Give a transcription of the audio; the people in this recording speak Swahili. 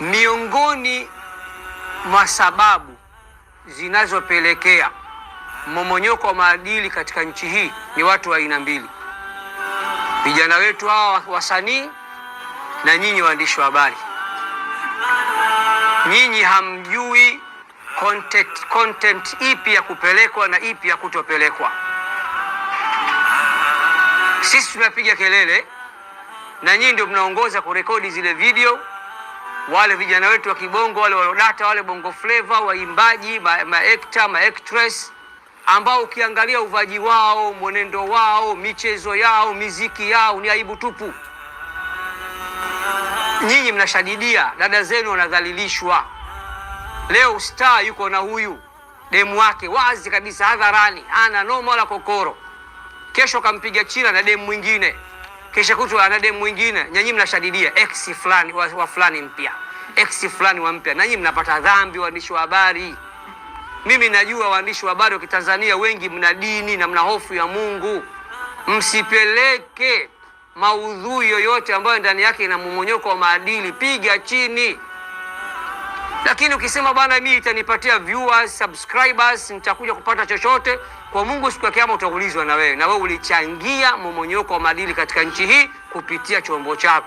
Miongoni mwa sababu zinazopelekea momonyoko wa maadili katika nchi hii ni watu wa aina mbili, vijana wetu hawa wasanii na nyinyi waandishi wa habari. Nyinyi hamjui content, content ipi ya kupelekwa na ipi ya kutopelekwa. Sisi tunapiga kelele na nyinyi ndio mnaongoza kurekodi zile video wale vijana wetu wa kibongo wale walodata wale bongo flavor waimbaji maekta ma actress ambao ukiangalia uvaji wao mwenendo wao michezo yao miziki yao ni aibu tupu. Nyinyi mnashadidia, dada zenu wanadhalilishwa. Leo star yuko na huyu demu wake wazi kabisa hadharani, ana noma wala kokoro. Kesho kampiga chila na demu mwingine. Kesha kutwa ana mwingine, nyinyi mnashadidia ex fulani wa, wa fulani mpya, ex fulani wa mpya, nanyi mnapata dhambi, waandishi wa habari. Mimi najua waandishi wa habari wa Kitanzania wengi mna dini na mna hofu ya Mungu, msipeleke maudhui yoyote ambayo ndani yake ina mmonyoko wa maadili, piga chini. Lakini ukisema bwana, mimi itanipatia viewers, subscribers, nitakuja kupata chochote kwa Mungu, siku ya kiyama utaulizwa na wewe, na wewe ulichangia momonyoko wa maadili katika nchi hii kupitia chombo chako.